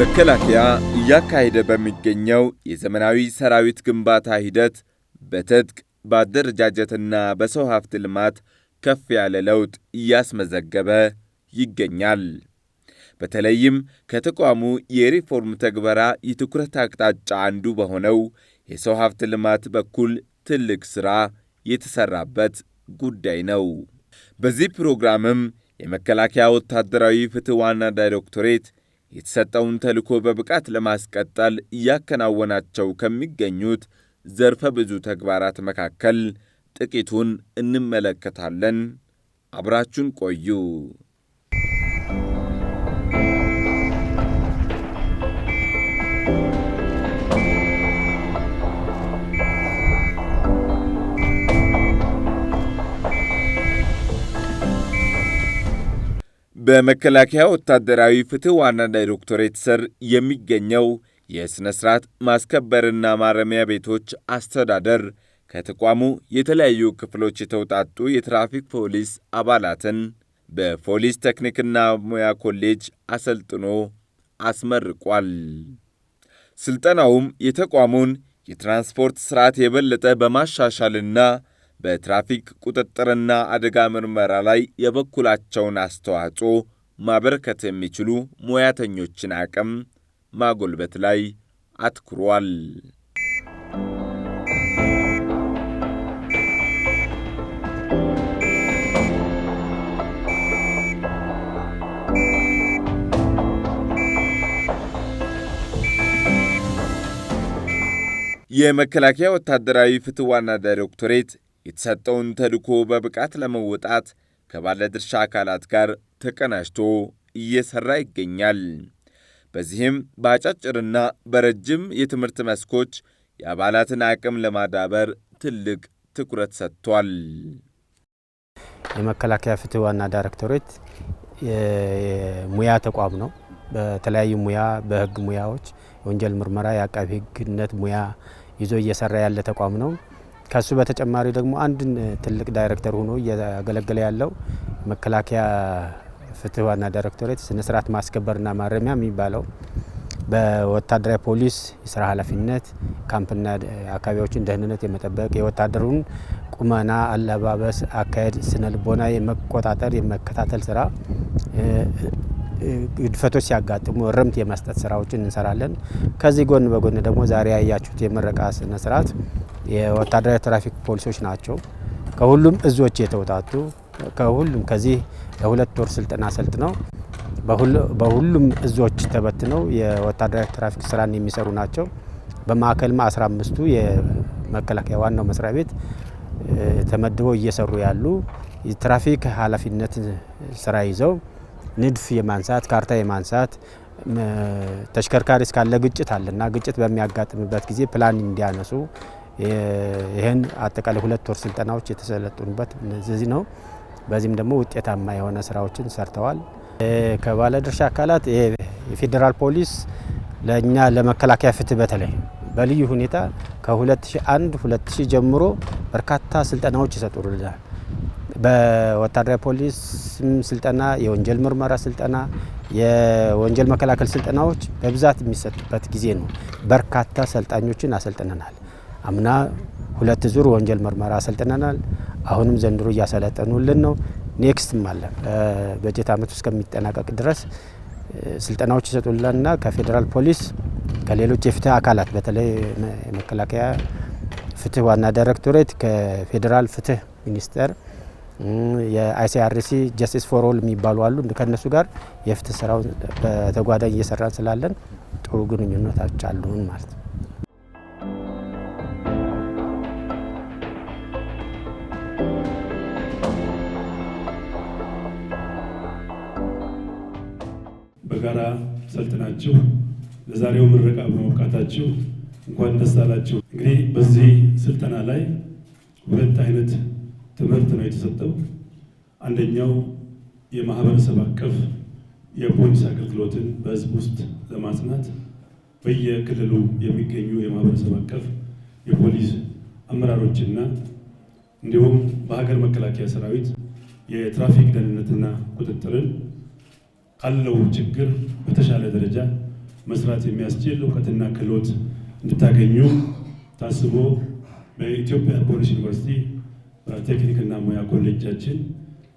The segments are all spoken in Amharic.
መከላከያ እያካሄደ በሚገኘው የዘመናዊ ሰራዊት ግንባታ ሂደት በትጥቅ በአደረጃጀትና በሰው ሀብት ልማት ከፍ ያለ ለውጥ እያስመዘገበ ይገኛል። በተለይም ከተቋሙ የሪፎርም ተግበራ የትኩረት አቅጣጫ አንዱ በሆነው የሰው ሀብት ልማት በኩል ትልቅ ሥራ የተሠራበት ጉዳይ ነው። በዚህ ፕሮግራምም የመከላከያ ወታደራዊ ፍትሕ ዋና ዳይሬክቶሬት የተሰጠውን ተልኮ በብቃት ለማስቀጠል እያከናወናቸው ከሚገኙት ዘርፈ ብዙ ተግባራት መካከል ጥቂቱን እንመለከታለን። አብራችን ቆዩ። በመከላከያ ወታደራዊ ፍትህ ዋና ዳይሬክቶሬት ስር የሚገኘው የሥነ ሥርዓት ማስከበርና ማረሚያ ቤቶች አስተዳደር ከተቋሙ የተለያዩ ክፍሎች የተውጣጡ የትራፊክ ፖሊስ አባላትን በፖሊስ ቴክኒክና ሙያ ኮሌጅ አሰልጥኖ አስመርቋል። ሥልጠናውም የተቋሙን የትራንስፖርት ሥርዓት የበለጠ በማሻሻልና በትራፊክ ቁጥጥርና አደጋ ምርመራ ላይ የበኩላቸውን አስተዋጽኦ ማበረከት የሚችሉ ሙያተኞችን አቅም ማጎልበት ላይ አትኩሯል። የመከላከያ ወታደራዊ ፍትህ ዋና ዳይሬክቶሬት የተሰጠውን ተልዕኮ በብቃት ለመወጣት ከባለድርሻ አካላት ጋር ተቀናጅቶ እየሰራ ይገኛል። በዚህም በአጫጭርና በረጅም የትምህርት መስኮች የአባላትን አቅም ለማዳበር ትልቅ ትኩረት ሰጥቷል። የመከላከያ ፍትህ ዋና ዳይሬክቶሬት የሙያ ተቋም ነው። በተለያዩ ሙያ በህግ ሙያዎች የወንጀል ምርመራ፣ የአቃቢ ህግነት ሙያ ይዞ እየሰራ ያለ ተቋም ነው። ከሱ በተጨማሪ ደግሞ አንድን ትልቅ ዳይሬክተር ሆኖ እያገለገለ ያለው መከላከያ ፍትህ ዋና ዳይሬክቶሬት ስነስርዓት ማስከበርና ማረሚያ የሚባለው በወታደራዊ ፖሊስ የስራ ኃላፊነት ካምፕና አካባቢዎችን ደህንነት የመጠበቅ የወታደሩን ቁመና፣ አለባበስ፣ አካሄድ፣ ስነ ልቦና የመቆጣጠር የመከታተል ስራ ግድፈቶች ሲያጋጥሙ እርምት የመስጠት ስራዎችን እንሰራለን። ከዚህ ጎን በጎን ደግሞ ዛሬ ያያችሁት የምረቃ ስነስርዓት የወታደራዊ ትራፊክ ፖሊሶች ናቸው። ከሁሉም እዞች የተውጣጡ ከሁሉም ከዚህ ለሁለት ወር ስልጠና ሰልጥነው በሁሉም እዞች ተበትነው የወታደራዊ ትራፊክ ስራን የሚሰሩ ናቸው። በማዕከልም 15ቱ የመከላከያ ዋናው መስሪያ ቤት ተመድበው እየሰሩ ያሉ የትራፊክ ኃላፊነት ስራ ይዘው ንድፍ የማንሳት ካርታ የማንሳት ተሽከርካሪ እስካለ ግጭት አለና ግጭት በሚያጋጥምበት ጊዜ ፕላን እንዲያነሱ ይህን አጠቃላይ ሁለት ወር ስልጠናዎች የተሰለጡንበት እነዚህ ነው። በዚህም ደግሞ ውጤታማ የሆነ ስራዎችን ሰርተዋል። ከባለድርሻ አካላት የፌዴራል ፖሊስ ለእኛ ለመከላከያ ፍትህ በተለይ በልዩ ሁኔታ ከ2001 2000 ጀምሮ በርካታ ስልጠናዎች ይሰጡልናል። በወታደራዊ ፖሊስ ስልጠና፣ የወንጀል ምርመራ ስልጠና፣ የወንጀል መከላከል ስልጠናዎች በብዛት የሚሰጡበት ጊዜ ነው። በርካታ ሰልጣኞችን አሰልጥነናል። አምና ሁለት ዙር ወንጀል ምርመራ አሰልጥነናል። አሁንም ዘንድሮ እያሰለጠኑልን ነው። ኔክስትም አለ በጀት አመት ውስጥ ከሚጠናቀቅ ድረስ ስልጠናዎች ይሰጡልናልና ከፌዴራል ፖሊስ ከሌሎች የፍትህ አካላት በተለይ የመከላከያ ፍትህ ዋና ዳይሬክቶሬት ከፌዴራል ፍትህ ሚኒስቴር የአይሲአርሲ ጀስቲስ ፎር ኦል የሚባሉ አሉ። ከእነሱ ጋር የፍትህ ስራውን በተጓዳኝ እየሰራን ስላለን ጥሩ ግንኙነቶች አሉን ማለት ነው። ሰልጥናችሁ ለዛሬው ምረቃ በመብቃታችሁ እንኳን ደስ አላችሁ። እንግዲህ በዚህ ስልጠና ላይ ሁለት አይነት ትምህርት ነው የተሰጠው። አንደኛው የማህበረሰብ አቀፍ የፖሊስ አገልግሎትን በህዝብ ውስጥ ለማጽናት በየክልሉ የሚገኙ የማህበረሰብ አቀፍ የፖሊስ አመራሮችና እንዲሁም በሀገር መከላከያ ሰራዊት የትራፊክ ደህንነትና ቁጥጥርን ካለው ችግር በተሻለ ደረጃ መስራት የሚያስችል እውቀትና ክህሎት እንድታገኙ ታስቦ በኢትዮጵያ ፖሊስ ዩኒቨርሲቲ ቴክኒክና ሙያ ኮሌጃችን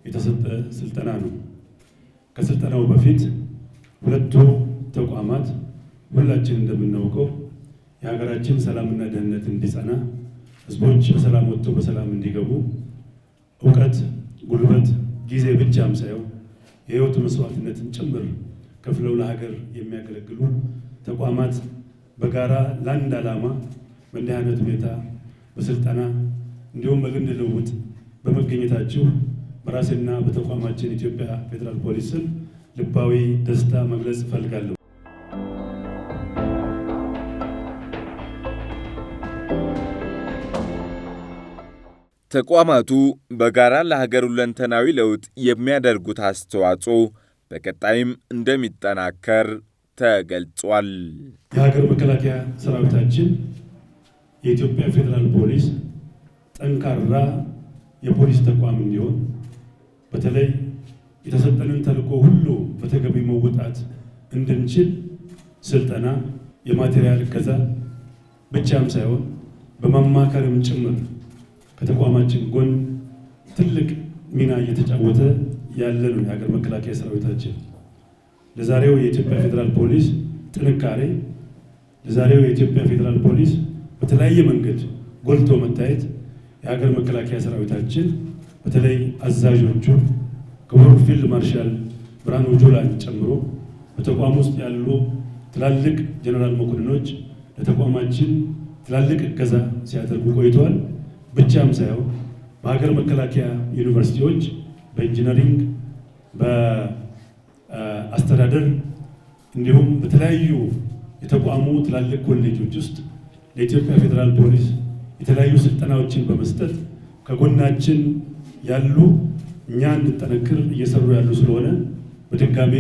የተሰጠ ስልጠና ነው። ከስልጠናው በፊት ሁለቱ ተቋማት ሁላችን እንደምናውቀው የሀገራችን ሰላምና ደህንነት እንዲጸና ህዝቦች በሰላም ወጥቶ በሰላም እንዲገቡ እውቀት፣ ጉልበት፣ ጊዜ ብቻም ሳይሆን የህይወት መስዋዕትነትን ጭምር ከፍለው ለሀገር የሚያገለግሉ ተቋማት በጋራ ለአንድ ዓላማ በእንዲህ አይነት ሁኔታ በስልጠና እንዲሁም በልምድ ልውውጥ በመገኘታችሁ በራሴና በተቋማችን ኢትዮጵያ ፌዴራል ፖሊስ ልባዊ ደስታ መግለጽ እፈልጋለሁ። ተቋማቱ በጋራ ለሀገር ሁለንተናዊ ለውጥ የሚያደርጉት አስተዋጽኦ በቀጣይም እንደሚጠናከር ተገልጿል። የሀገር መከላከያ ሰራዊታችን፣ የኢትዮጵያ ፌዴራል ፖሊስ ጠንካራ የፖሊስ ተቋም እንዲሆን በተለይ የተሰጠንን ተልዕኮ ሁሉ በተገቢ መወጣት እንድንችል ስልጠና፣ የማቴሪያል እገዛ ብቻም ሳይሆን በማማከርም ጭምር ከተቋማችን ጎን ትልቅ ሚና እየተጫወተ ያለ ነው የሀገር መከላከያ ሰራዊታችን። ለዛሬው የኢትዮጵያ ፌዴራል ፖሊስ ጥንካሬ፣ ለዛሬው የኢትዮጵያ ፌዴራል ፖሊስ በተለያየ መንገድ ጎልቶ መታየት የሀገር መከላከያ ሰራዊታችን በተለይ አዛዦቹ ክቡር ፊልድ ማርሻል ብርሃኑ ጁላን ጨምሮ በተቋም ውስጥ ያሉ ትላልቅ ጀነራል መኮንኖች ለተቋማችን ትላልቅ እገዛ ሲያደርጉ ቆይተዋል። ብቻም ሳይሆን በሀገር መከላከያ ዩኒቨርሲቲዎች በኢንጂነሪንግ፣ በአስተዳደር እንዲሁም በተለያዩ የተቋሙ ትላልቅ ኮሌጆች ውስጥ ለኢትዮጵያ ፌዴራል ፖሊስ የተለያዩ ስልጠናዎችን በመስጠት ከጎናችን ያሉ እኛ እንድጠነክር እየሰሩ ያሉ ስለሆነ በድጋሜ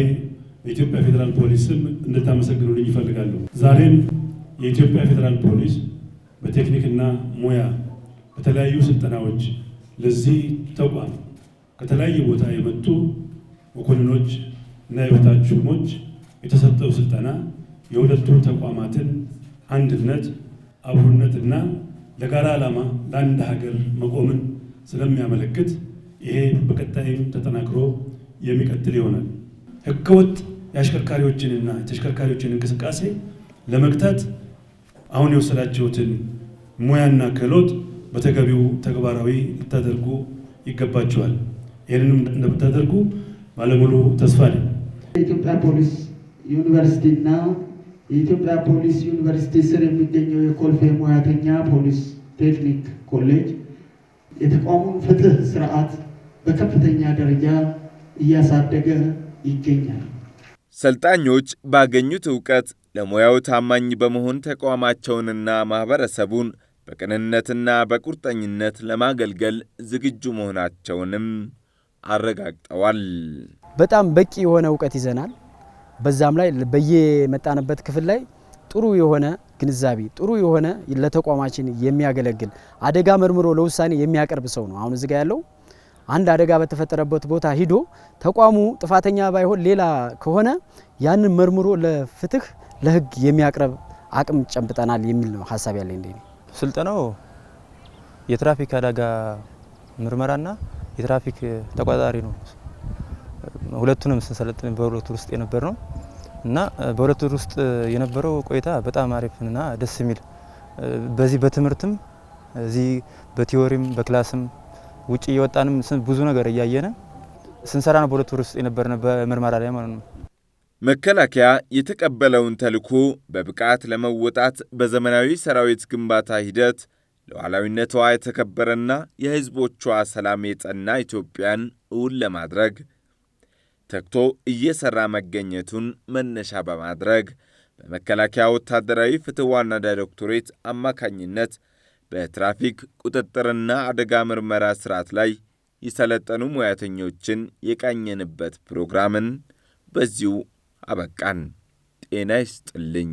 በኢትዮጵያ ፌዴራል ፖሊስም እንድታመሰግኑልኝ ይፈልጋሉ። ዛሬም የኢትዮጵያ ፌዴራል ፖሊስ በቴክኒክና ሙያ በተለያዩ ስልጠናዎች ለዚህ ተቋም ከተለያየ ቦታ የመጡ መኮንኖች እና የበታች ሹሞች የተሰጠው ስልጠና የሁለቱ ተቋማትን አንድነት፣ አብሮነትና ለጋራ ዓላማ ለአንድ ሀገር መቆምን ስለሚያመለክት ይሄ በቀጣይም ተጠናክሮ የሚቀጥል ይሆናል። ህገወጥ የአሽከርካሪዎችንና የተሽከርካሪዎችን እንቅስቃሴ ለመግታት አሁን የወሰዳችሁትን ሙያና ክህሎት በተገቢው ተግባራዊ ልታደርጉ ይገባቸዋል። ይህንንም እንደምታደርጉ ባለሙሉ ተስፋ ነኝ። የኢትዮጵያ ፖሊስ ዩኒቨርሲቲ እና የኢትዮጵያ ፖሊስ ዩኒቨርሲቲ ስር የሚገኘው የኮልፌ ሙያተኛ ፖሊስ ቴክኒክ ኮሌጅ የተቋሙን ፍትህ ስርዓት በከፍተኛ ደረጃ እያሳደገ ይገኛል። ሰልጣኞች ባገኙት እውቀት ለሙያው ታማኝ በመሆን ተቋማቸውንና ማህበረሰቡን በቅንነትና በቁርጠኝነት ለማገልገል ዝግጁ መሆናቸውንም አረጋግጠዋል። በጣም በቂ የሆነ እውቀት ይዘናል። በዛም ላይ በየመጣንበት ክፍል ላይ ጥሩ የሆነ ግንዛቤ ጥሩ የሆነ ለተቋማችን የሚያገለግል አደጋ መርምሮ ለውሳኔ የሚያቀርብ ሰው ነው። አሁን እዚጋ ያለው አንድ አደጋ በተፈጠረበት ቦታ ሂዶ ተቋሙ ጥፋተኛ ባይሆን ሌላ ከሆነ ያንን መርምሮ ለፍትህ ለህግ የሚያቀርብ አቅም ጨብጠናል የሚል ነው ሀሳብ ያለኝ። ስልጠናው የትራፊክ አደጋ ምርመራና የትራፊክ ተቆጣጣሪ ነው። ሁለቱንም ስንሰለጥን በሁለቱ ውስጥ የነበር ነው እና በሁለት ውስጥ የነበረው ቆይታ በጣም አሪፍና ደስ የሚል በዚህ በትምህርትም እዚህ በቲዎሪም በክላስም ውጭ እየወጣንም ብዙ ነገር እያየነ ስንሰራ ነው በሁለት ወር ውስጥ የነበርነ በምርመራ ላይ ማለት ነው። መከላከያ የተቀበለውን ተልዕኮ በብቃት ለመወጣት በዘመናዊ ሰራዊት ግንባታ ሂደት ሉዓላዊነቷ የተከበረና የሕዝቦቿ ሰላም የጸና ኢትዮጵያን እውን ለማድረግ ተግቶ እየሠራ መገኘቱን መነሻ በማድረግ በመከላከያ ወታደራዊ ፍትሕ ዋና ዳይሬክቶሬት አማካኝነት በትራፊክ ቁጥጥርና አደጋ ምርመራ ሥርዓት ላይ የሰለጠኑ ሙያተኞችን የቃኘንበት ፕሮግራምን በዚሁ አበቃን። ጤና ይስጥልኝ።